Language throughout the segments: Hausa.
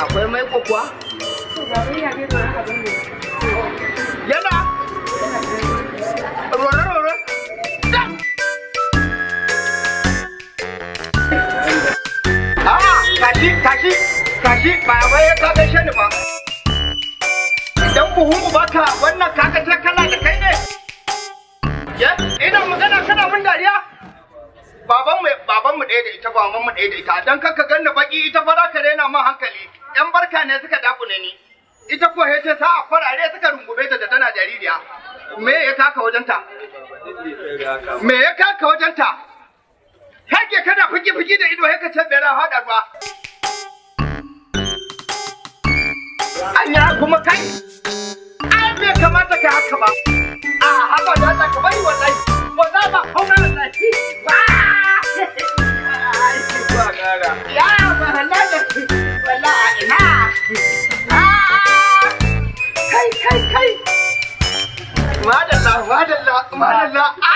akwai mai kuwa? yana tashi tashi tashi ba wai ka gaishe ni ba idan buhu ba ka wannan kaka ce kana da kai ne ya ina magana kana mun dariya baban mu baban mu ɗaya da ita baban mu ɗaya da ita dan kaka ganna baki ita fara ka rena ma hankali yan barka ne suka dakune ni ita ko he ta a farare suka rungume ta da tana jaririya me ya kaka wajenta me ya kaka wajenta hake kana fiki fiki da ido haka can bera haɗa ruwa anya kuma kai ai bai kamata ka haka ba a haka da Allah ka bari wallahi ba za ka hauna wallahi ba ya ba halala wallahi ina kai kai kai madalla madalla madalla a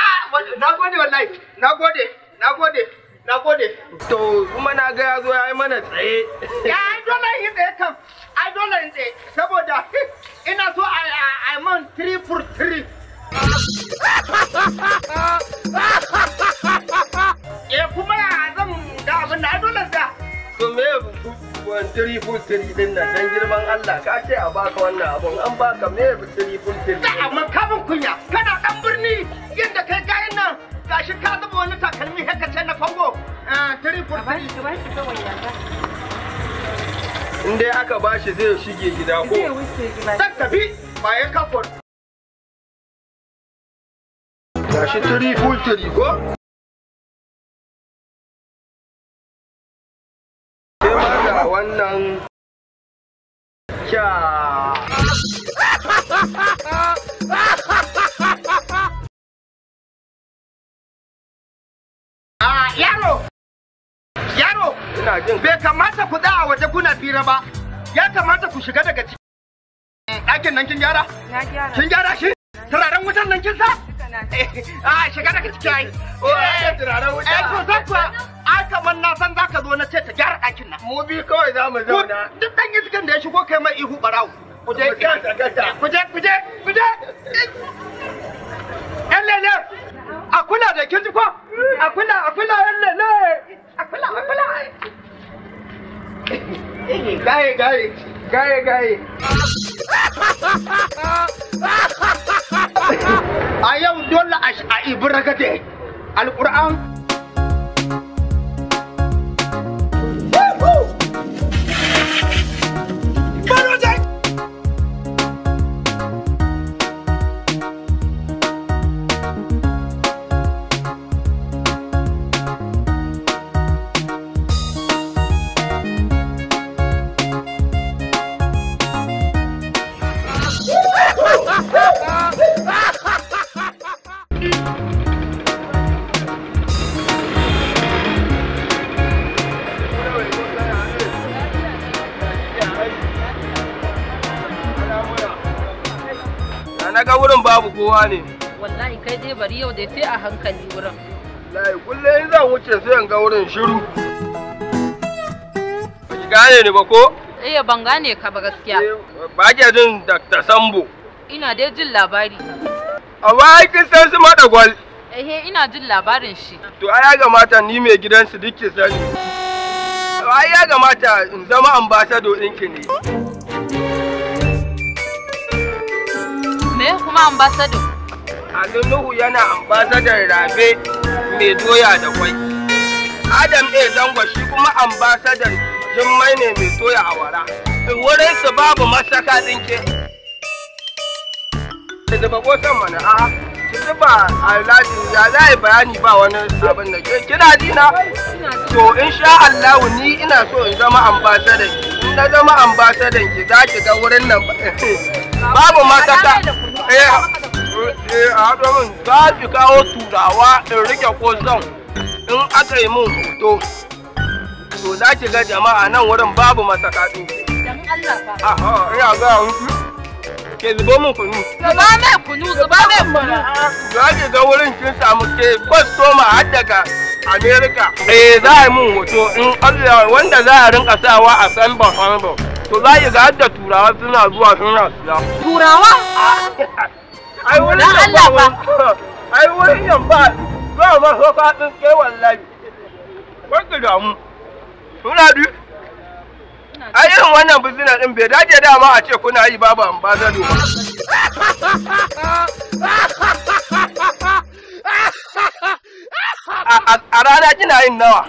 na gode wallahi na gode na gode Na gode. To kuma na ga ya zo ya yi mana tsaye. Ya ai dole in tsaye kam. Ai dole in saboda ina so a a man 3 for 3. Eh, kuma ya zan da abin da ai dole da. To me wani 3 for 3 din nan dan girman Allah ka ce a baka wannan abun an baka me 3 tiri 3. Amma kafin kunya kana dan birni yadda kai gayin nan gashi ka zuba wani takalmi haka ce na fango ah, tiri dai aka bashi zai shige gida ko zan tafi bayan kafon gashi tiri full tiri ko wannan kya Yaro! Yaro! Bai kamata ku tsaya a waje kuna fira ba. Ya kamata ku shiga daga ciki. Ɗakin nan kin gyara? Na gyara. Kin gyara shi? Turaren wutan nan kin sa? A ah, shiga daga ciki ai. O eh, eh, turaren wuta. Eh ko zan kuwa. Ai kamar na san zaka zo na ce ta gyara ɗakin nan. Mu bi kawai za mu zauna. Duk ɗan iskan da ya shigo kai mai ihu ɓarawo. Kuje kuje kuje kuje. Ƴan eh, a kula da kin ji ko a kula a kula yalle ne a kula a kula gaye gaye gaye gaye a yau dole a ibi ragade Al-Qur'an babu kowa ne wallahi kai dai bari yau dai sai a hankali wurin wallahi kullum zan wuce sai in ga wurin shiru ba ki gane ni ba ko eh ban gane ka ba gaskiya eh, ba ke jin Dr. Sambo ina dai jin labari a wai kin san su gwal. Eh, eh ina jin labarin shi to ai ya mata ni mai gidansu duk ki sani ai ya mata in zama ambassador ɗinki ne zama ambasado? Ali Nuhu yana ambasadar rabe mai doya da kwai. Adam A. Zango shi kuma ambasadar jimmai ne mai doya a wara. Wurin su babu masaka dinke. Da zuba gosan mana a'a. Ki zuba alhaji ya zai bayani ba wani abin da ke kina dina. To in sha Allah ni ina so in zama ambasadar ki. In na zama ambasadar ki za ki ga wurin nan babu masaka. Eh, eh a haɗo min za ki kawo turawa in rike ƙosan in aka yi min hoto to za ki ga jama'a nan wurin babu masakaɗu aha ina ga muku ke zubo min kunu zuba mai kunu zuba mai kunu za ki ga wurin kin samu ke har daga Amerika. Eh za a yi min hoto in Allah wanda za a rinka sawa a San Bahambo. to za yi ga hadda turawa suna zuwa suna siya turawa ai wani yamba ba ai wani yamba zuwa ma so ka din kewan wallahi ba damu suna bi ai yin wannan bizina din bai dace dama a ce kuna yi babu an ba zado a rana kina yin nawa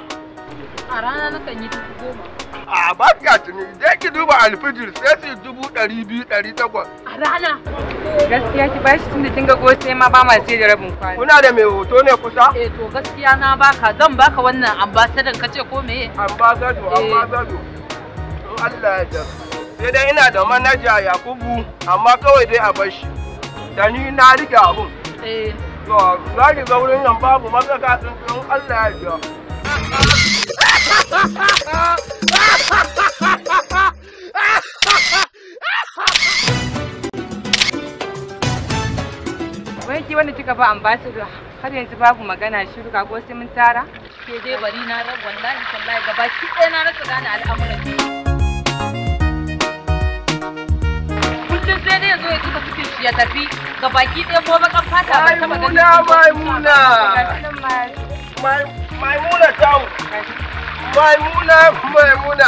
a rana nakan yi a ba tuni je ki duba alfijir sai su dubu ɗari biyu ɗari takwas. A rana. Gaskiya ki ba shi tunda kin ga gose ma ba ma sai da rabin kwana. Kuna da mai hoto ne kusa? Eh to gaskiya na baka zan baka wannan ambasadan ka ce ko meye? Ambasado eh. ambasado. Allah ya da. Sai dai ina da manaja Yakubu amma kawai dai a bar shi. Da ni na rike abun. Eh. To za ki ga wurin nan babu matsaka tsuntsun Allah ya da. Ha ha ha ha! gaba ambassador har yanzu babu magana shi ruka ko sai mun tara ke dai bari na ran wallahi sallahi gaba ki ɗaya na rasa gane al'amuran kullum sai dai yazo ya tuka cikin shi ya tafi gaba ki ɗaya ko bakan fata ba ta magana maimuna maimuna maimuna tawo maimuna maimuna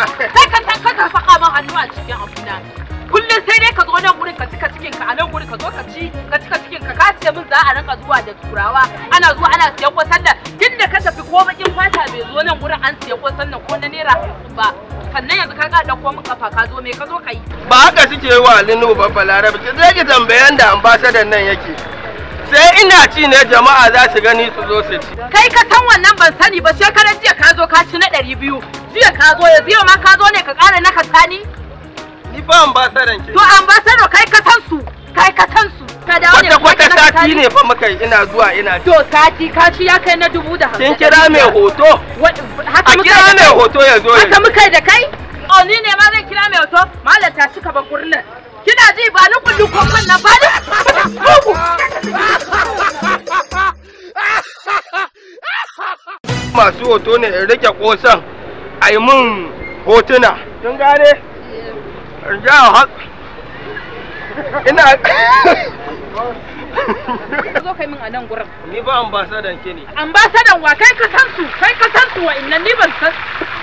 ilimin za a rinka zuwa da turawa ana zuwa ana siyan kwasan nan tun da ka tafi ko bakin fata bai zo nan gurin an siya kwasan nan ko na naira ba sannan yanzu ka ga ɗauko mun kafa ka zo me ka zo ka yi. ba haka suke yi wa alinu babba larabi ki zai ki tambayan da ambassador nan yake sai ina ci ne jama'a za su gani su zo su ci. kai ka san wannan ban sani ba shekarar jiya ka zo ka ci na ɗari biyu jiya ka zo yanzu yau ma ka zo ne ka ƙara na ka sani. ni ba ambassador ke. to ambassador kai ka san su kai ka san su. ka dawo ne sati ne fa muka ina zuwa ina to sati kaci ya kai na dubu da hamsin kin kira mai hoto haka muka kira mai hoto ya zo haka muka da kai oh ni ne ma zan kira mai hoto malam ta shi ka ba kurnin kina ji ba ni kullu kokon na ba ni masu hoto ne in rike kosan ai mun hotuna kin gane ja ina zo kai min a nan gurin ni ba ambasadan ke ne ambasadan wa kai ka san su kai ka san su wa inna ni ban san